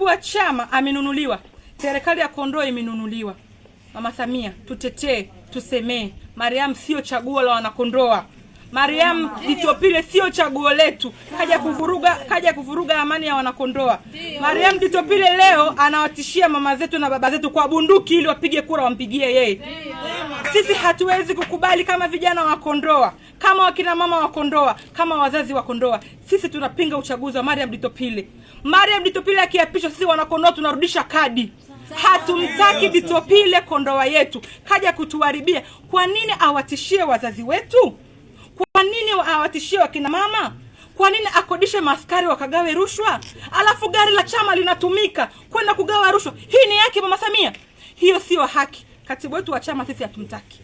mujibu wa chama amenunuliwa, serikali ya kondoo imenunuliwa. Mama Samia, tutetee, tusemee. Mariam sio chaguo la wanakondoa. Mariam Ditopile sio chaguo letu, kaja kuvuruga, kaja kuvuruga amani ya wanakondoa. Mariam Ditopile leo anawatishia mama zetu na baba zetu kwa bunduki ili wapige kura wampigie yeye. Sisi hatuwezi kukubali kama vijana wa Kondoa kama wakina mama wa Kondoa, kama wazazi wa Kondoa, sisi tunapinga uchaguzi wa Mariam Ditopile. Mariam Ditopile akiapishwa, sisi wanakondoa tunarudisha kadi. Hatumtaki Ditopile Kondoa yetu, kaja kutuharibia. Kwa nini awatishie wazazi wetu? Kwa nini awatishie wakina mama? Kwa nini akodishe maaskari wakagawe rushwa, alafu gari la chama linatumika kwenda kugawa rushwa? Hii ni yake Mama Samia? Hiyo sio haki. Katibu wetu wa chama sisi hatumtaki.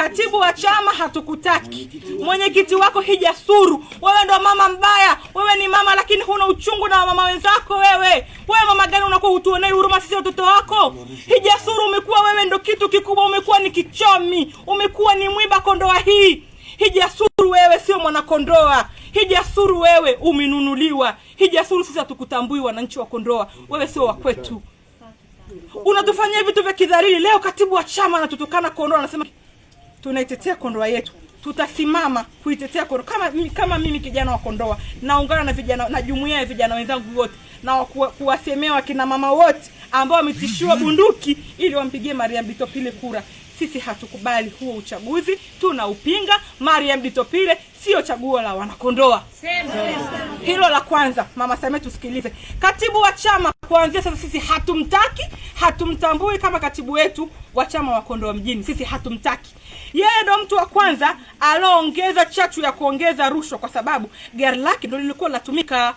Katibu wa chama hatukutaki, mwenyekiti wako hijasuru. Wewe ndo mama mbaya, wewe ni mama lakini huna uchungu na mama wenzako. Wewe wewe mama gani unakuwa hutuonei huruma sisi watoto wako? Hijasuru umekuwa wewe ndo kitu kikubwa, umekuwa ni kichomi, umekuwa ni mwiba kondoa hii. Hijasuru wewe sio mwanakondoa. Hijasuru wewe umenunuliwa. Hijasuru sisi hatukutambui, wananchi wa Kondoa, wewe sio wa kwetu. Unatufanyia vitu vya kidharili. Leo katibu wa chama anatutukana Kondoa, anasema tunaitetea Kondoa yetu, tutasimama kuitetea Kondoa. Kama, kama mimi kijana wa Kondoa naungana na vijana na jumuiya ya vijana wenzangu wote na kuwasemea wakina mama wote ambao wametishiwa bunduki ili wampigie Mariam Ditopile kura. Sisi hatukubali huo uchaguzi, tunaupinga. Mariam Ditopile sio chaguo la Wanakondoa. Hilo la kwanza, Mama Samia tusikilize. Katibu wa chama kuanzia sasa, sisi hatumtaki, hatumtambui kama katibu wetu wa chama wa Kondoa mjini, sisi hatumtaki. Yeye ndo mtu wa kwanza aloongeza chachu ya kuongeza rushwa, kwa sababu gari lake ndo lilikuwa linatumika